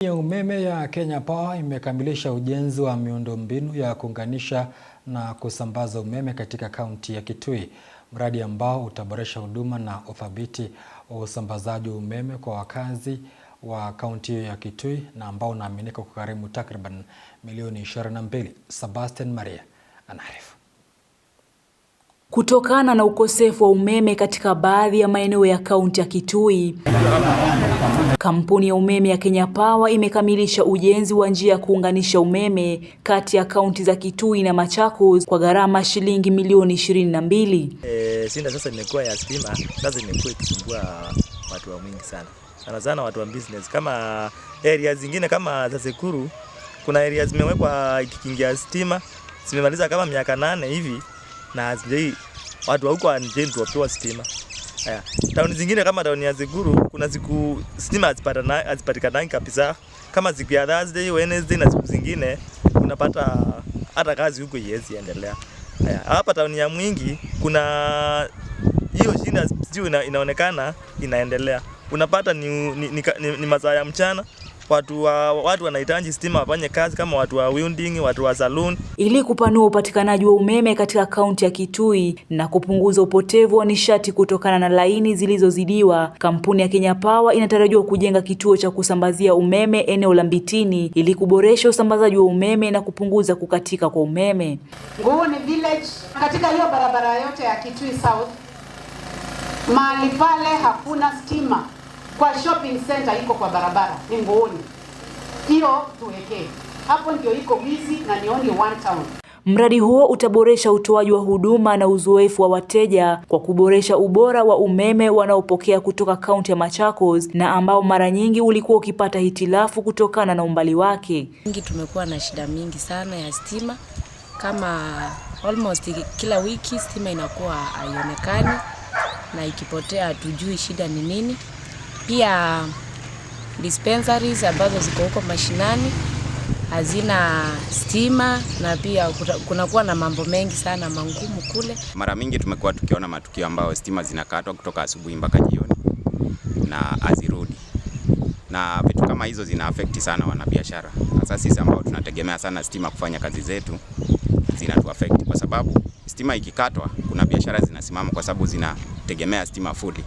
ya umeme ya Kenya Power imekamilisha ujenzi wa miundombinu ya kuunganisha na kusambaza umeme katika kaunti ya Kitui, mradi ambao utaboresha huduma na uthabiti wa usambazaji wa umeme kwa wakazi wa kaunti hiyo ya Kitui na ambao unaaminika kugharimu takriban milioni 22. Sebastian Maria anaarifu kutokana na ukosefu wa umeme katika baadhi ya maeneo ya kaunti ya Kitui. Kampuni ya umeme ya Kenya Power imekamilisha ujenzi wa njia ya kuunganisha umeme kati ya kaunti za Kitui na Machakos kwa gharama shilingi milioni ishirini na mbili. E, sina sasa imekuwa ya stima, sasa imekuwa ikisumbua watu wa mwingi sana sana sana watu wa business kama area zingine kama za Sekuru, kuna areas zimewekwa ikikingia stima zimemaliza kama miaka nane hivi na hazijai watu wa huko wanjeni tuwapewa stima. Haya. Tauni zingine kama tauni ya Ziguru kuna siku stima hazipatikani kabisa. Kama siku ya Thursday, Wednesday na siku zingine unapata hata kazi huko iwezi endelea. Haya, hapa tauni ya Mwingi kuna hiyo shida sijui inaonekana inaendelea. Unapata ni, ni, ni, ni, ni masaa ya mchana watu wa, watu wanahitaji stima wafanye kazi kama watu wa welding, watu wa saloon. ili kupanua upatikanaji wa umeme katika kaunti ya Kitui na kupunguza upotevu wa nishati kutokana na laini zilizozidiwa. Kampuni ya Kenya Power inatarajiwa kujenga kituo cha kusambazia umeme eneo la Mbitini ili kuboresha usambazaji wa umeme na kupunguza kukatika kwa umeme. Nguuni village katika hiyo barabara yote ya Kitui South, mahali pale hakuna stima kwa shopping center iko kwa barabara ni Ngooni, hiyo tuwekee hapo, ndio iko wizi na ni only one town. Mradi huo utaboresha utoaji wa huduma na uzoefu wa wateja kwa kuboresha ubora wa umeme wanaopokea kutoka kaunti ya Machakos na ambao mara nyingi ulikuwa ukipata hitilafu kutokana na umbali wake. Nyingi tumekuwa na shida mingi sana ya stima, kama almost kila wiki stima inakuwa haionekani na ikipotea hatujui shida ni nini. Pia dispensaries ambazo ziko huko mashinani hazina stima na pia kunakuwa na mambo mengi sana mangumu kule. Mara mingi tumekuwa tukiona matukio ambayo stima zinakatwa kutoka asubuhi mpaka jioni na hazirudi, na vitu kama hizo zina affect sana wanabiashara. hasa sisi ambao tunategemea sana stima kufanya kazi zetu zinatu affect kwa sababu stima ikikatwa, kuna biashara zinasimama kwa sababu zinategemea stima fully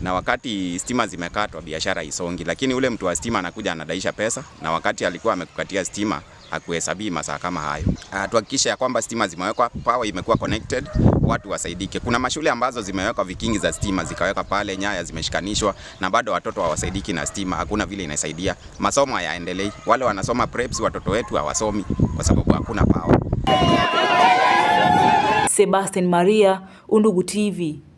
na wakati stima zimekatwa biashara isongi, lakini ule mtu wa stima anakuja anadaisha pesa, na wakati alikuwa amekukatia stima akuhesabii masaa kama hayo. Ah, tuhakikisha ya kwamba stima zimewekwa, power imekuwa connected, watu wasaidike. Kuna mashule ambazo zimewekwa vikingi za stima, zikaweka pale nyaya zimeshikanishwa, na bado watoto hawasaidiki na stima, hakuna vile inasaidia. Masomo hayaendelei, wale wanasoma preps, watoto wetu hawasomi kwa sababu hakuna power. Sebastian Maria, Undugu TV.